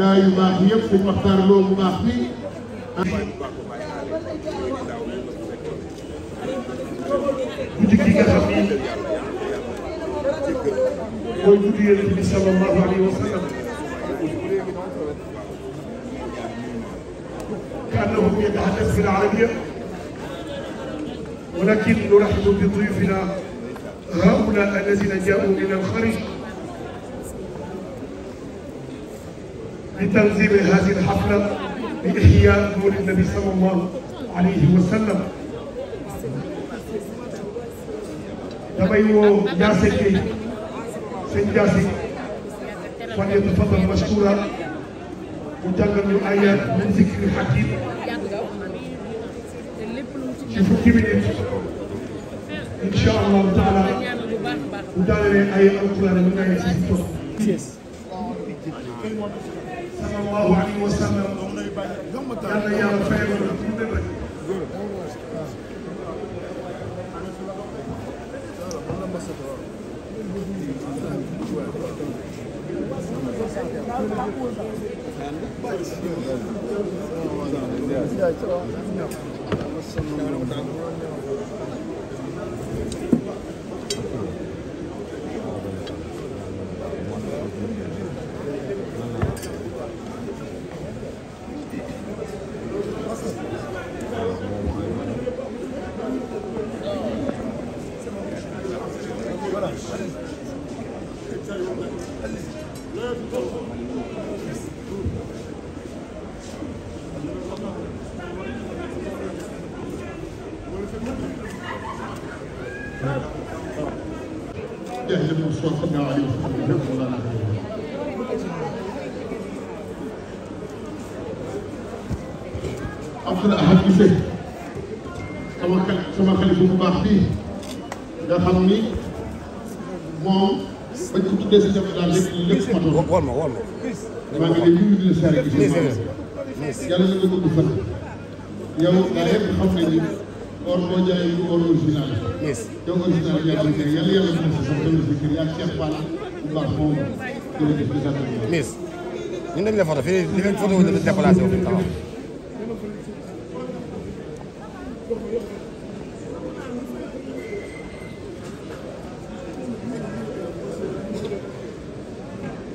gaa yu baax yëpp suñ waxtaan loo bu baax bi guddi gi nga xam ni mooy guddi yonent bi sallallahu alayhi wa sallam كأنهم يتحدث بالعربية ولكن نرحب بضيوفنا هؤلاء الذين جاءوا من الخارج لتنظيم هذه الحفلة لإحياء نور النبي صلى الله عليه وسلم damay woo Ndiass Gueye sëñ Ndiass falyatafaddal mashkuran mu jàngal ñu ayat min zikri hakim ci fukki minit incha allahu taala mu daanelee ay alquran mu ngay ci toog sallallahu alayhi wa sallam yal na yàlla fayal na fi mu ne rek. Thank you. اعجب المصطفى صلى الله عليه وسلم مولانا Abdoul Ahad Cissé sama xel sama xalifa bu baax bii nga xam ni moom bañ ko tuddee si jamono daal lépp lépp matul maa ngi ne ñu ngi leen seere gi yàlla na nga gudd fan yow daa yëpp xam nañu or boo jaayee du or original. yes te original bi nga xam ne yàlla yàlla def na si sax dama si kër yaa Cheikh Fall bu baax moom jërëjëf di sant bi. miss ñun dañu la foto fii di leen foto dañu déplacé wu fi taxaw.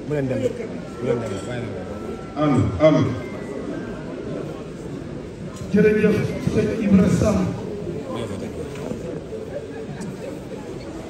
bu leen dem bu leen dem bàyyi la. am am. jërëjëf sëñ Ibrahima Samb.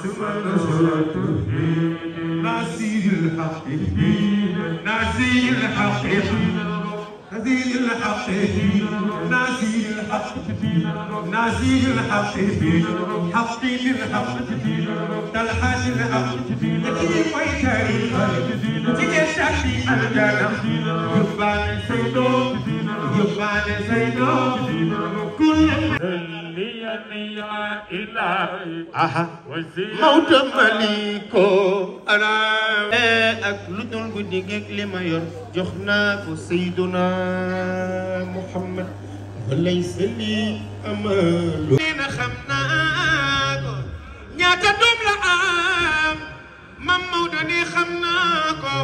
نسير الحق نسير الحق نسير الحق نسير الحق نسير الحق حق للحق تلحس الحق تجي ويتاري تجي شعبي الجنة يبان سيدو mawta maliko ana ak lu dul guddi geeg li ma yor jox naa ko sayduna muhammad walaysa li amalu neena xam naa ko ñaata doom la am mam mawta ne xam naa ko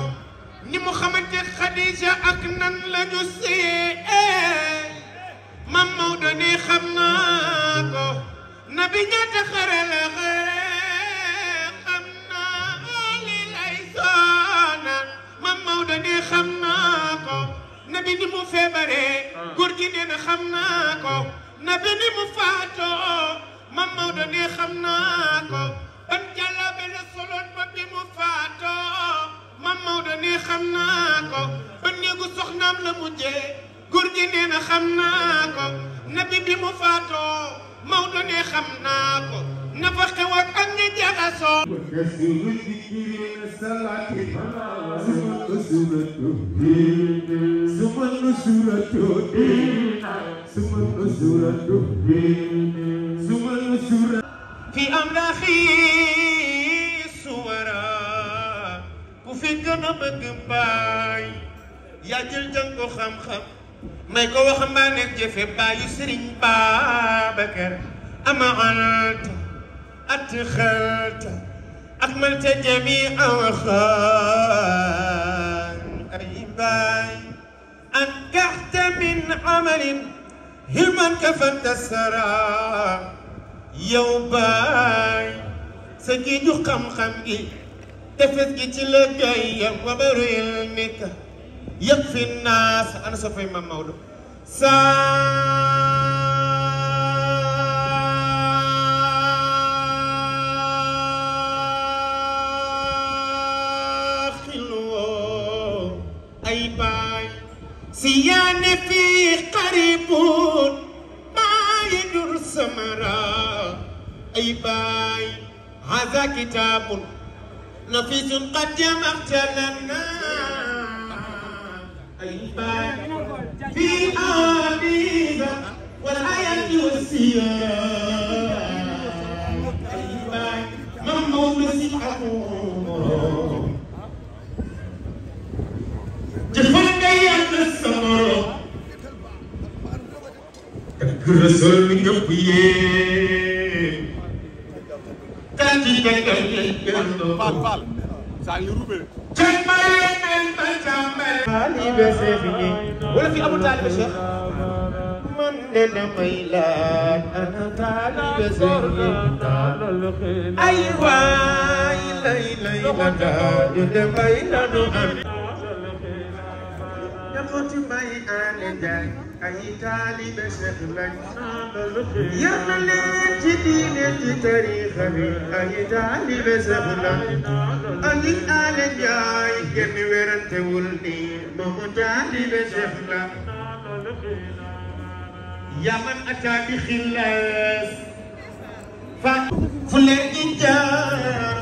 ni mu xamante Khadija ak nan la ñu sëyee mam Maodo ni xam naa ko nabi ñaata xare la xare xam naa li lay sonal mam Maodo ni xam naa ko nabi ni mu feebaree ah. góor gi nee na xam naa ko nabi ni mu faatoo mam Maodo ni xam naa ko ban jàllabe la soloon ba bi mu faatoo ko ba néegu soxnaam la mujjee góor gi nee na xam naa ko nabi bi mu faatoo Maodo ne xam naa ko na fa xew ak ak ña jaxasoo في أملاخي ki gën a bëgg baay yaa jël jàng ko xam-xam may ko wax mbaa nekk jëfe baayu sëriñ Babacar ama anta at xalta akmalta jamii awxaan ay baay أنكحت من عمل هما كفنت السرى يوباي سجي خم خم tefes gi ci wa baru ilmika yakfi naas ana sa fay mam Maodo سيان في قريب ما يدر سمرا أي باي هذا كتاب نفيس قد جمعت لنا أيبان في آبيبة والحياة والسياق أيبان من مولس الحمور جفاك يا السمر تذكر رسول من قبيه ci dëkk bi Cheikh Mariam El Massambal. taalibe Cheikh bi wala fi amul taalibe Cheikh. man de damay laaj ana taalibe Cheikh bi. ay waay lay lay la daal ñu demay lanu am. ña ko ci may ànd jaay. ay taalibe Seex lañ yar na leen ci diine ci tariixa bi ay taalibe Seex lañ ay ale jaay kenn werantewul ni moomu taalibe Seex la yaa man ataa bi xilaas fa fu leen injaa